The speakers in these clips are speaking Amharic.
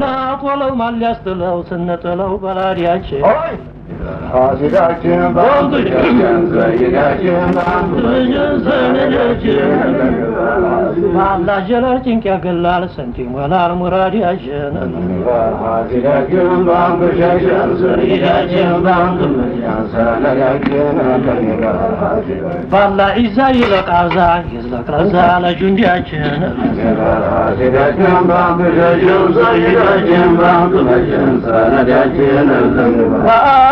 ናቶ ለው ማን ሊያስጥለው ስንጥለው በላዲያችን Haziracım ben duyacağım zeynacım ben duyacağım zeynacım Mavlacılar tinke gıllalısın tingolar muradiyacının Haziracım ben duyacağım zeynacım ben duyacağım zeynacım Valla izayla arza gizlik razala cündiyacının Haziracım ben duyacağım zeynacım ben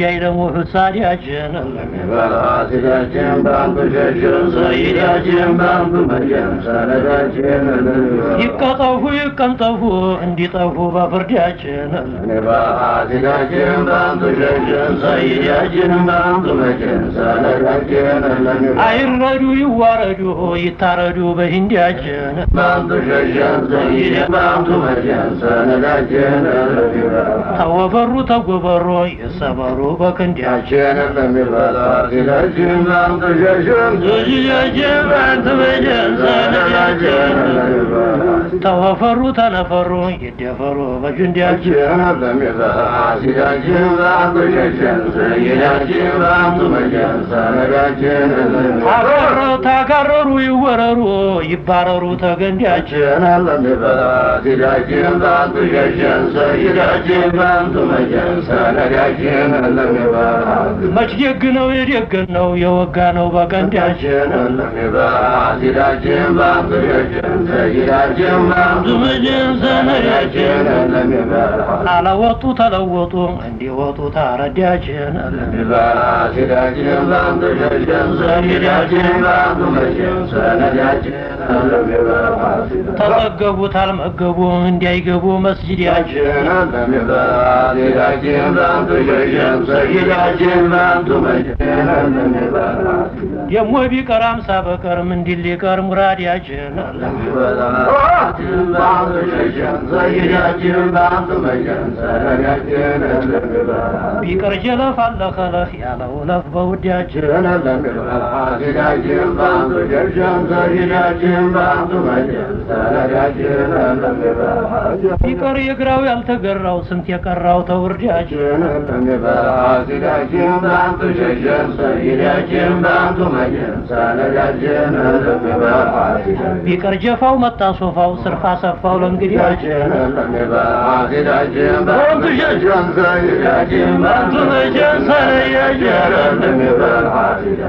ድንጋይ ደግሞ ፍሳዲያችን በሚበላ ሴታችን ባንብ ይቀጠፉ ይቀንጠፉ እንዲጠፉ በፍርዳችን አይረዱ ይዋረዱ ይታረዱ በሂንዲያችን የሰበሩ bakınca Çenem bir velat ile cümlem düşeşim Düşeceğim ben tübeceğim sadeceğim Tavafaru tanafaru yedefaru bakınca Çenem bir velat ile cümlem düşeşim Düşeceğim ben tübeceğim sadeceğim Takaru takaru ይወረሩ ይባረሩ ተገንዲያችን መች ነው ነው የወጋ ነው በቀንዲያችን አላወጡ ተለወጡ እንዲወጡ ታረዳችን ሲዳችን ባንቱ ባንቱ ተጠገቡ ታልመገቡ እንዳይገቡ መስጅዳችን ደሞ ቢቀር አምሳ በቀርም እንዲል ሊቀር ሙራዲያችን ቢቀር ጀለፍ አለኸለፍ ያለው ለፍ በውዳችን ይቀር የግራው ያልተገራው ስንት የቀራው ተውርጃች ቢቀር ጀፋው መጣ ሶፋው ስርፋ ሰፋው ለእንግዲያች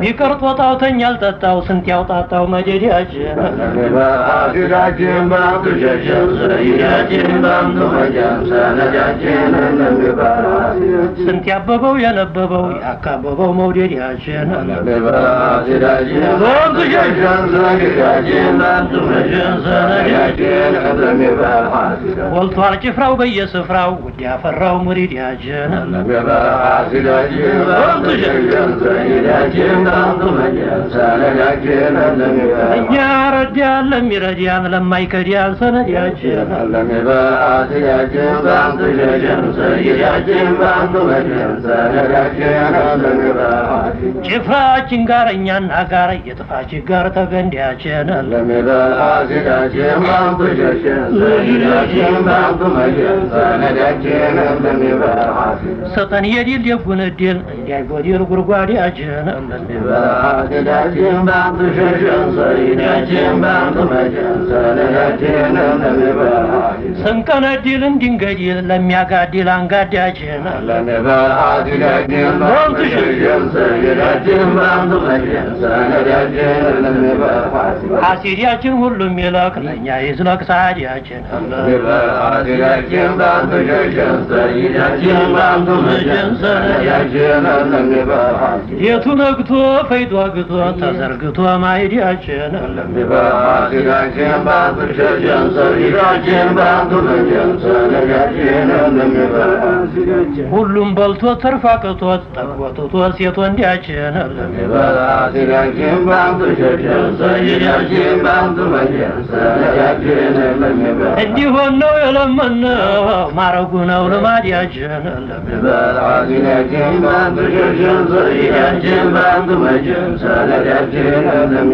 ቢቀር ጦጣው ተኛል ጠጣው ስንት ያውጣ መጣው መጀዳችን ስንት ያበበው የነበበው ያካበበው መውደዳችን ወልቷል ጭፍራው በየስፍራው ውድ ያፈራው ሙሪዳችን ወልቱ እያረዳን ለሚረዳን ለማይከዳን ሰነዳችን በአትያችን በአንቱ ጭፍራችን ጋር እኛና ጋር የጥፋችን ጋር ተገንዳችን በአትያችን የድል ደጉን እድል እንዳይጎድል ጉድጓዳችን ስንቀነድልን ድንገት ለሚያጋድል አንጋዳችን ሐሲዲያችን ሁሉም ይለቅ ለእኛ ይዝለቅ ሳዲያችን የቱ ነግቶ ፈይቶ ግቶ ተዘርግቶ ማይ ሰሪራችንን ሁሉም በልቶ ትርፍ አቅቶት ጠግቦትቶ ሴት ወንዳችን እንዲሆን ነው የለመነው ማረጉ ነው ልማዳችን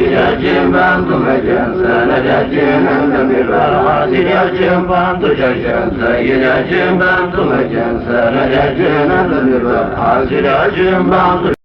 Diyacım ben duracağım sana Diyacım ben bir var Diyacım ben duracağım sana Diyacım ben duracağım sana Diyacım ben bir var Diyacım ben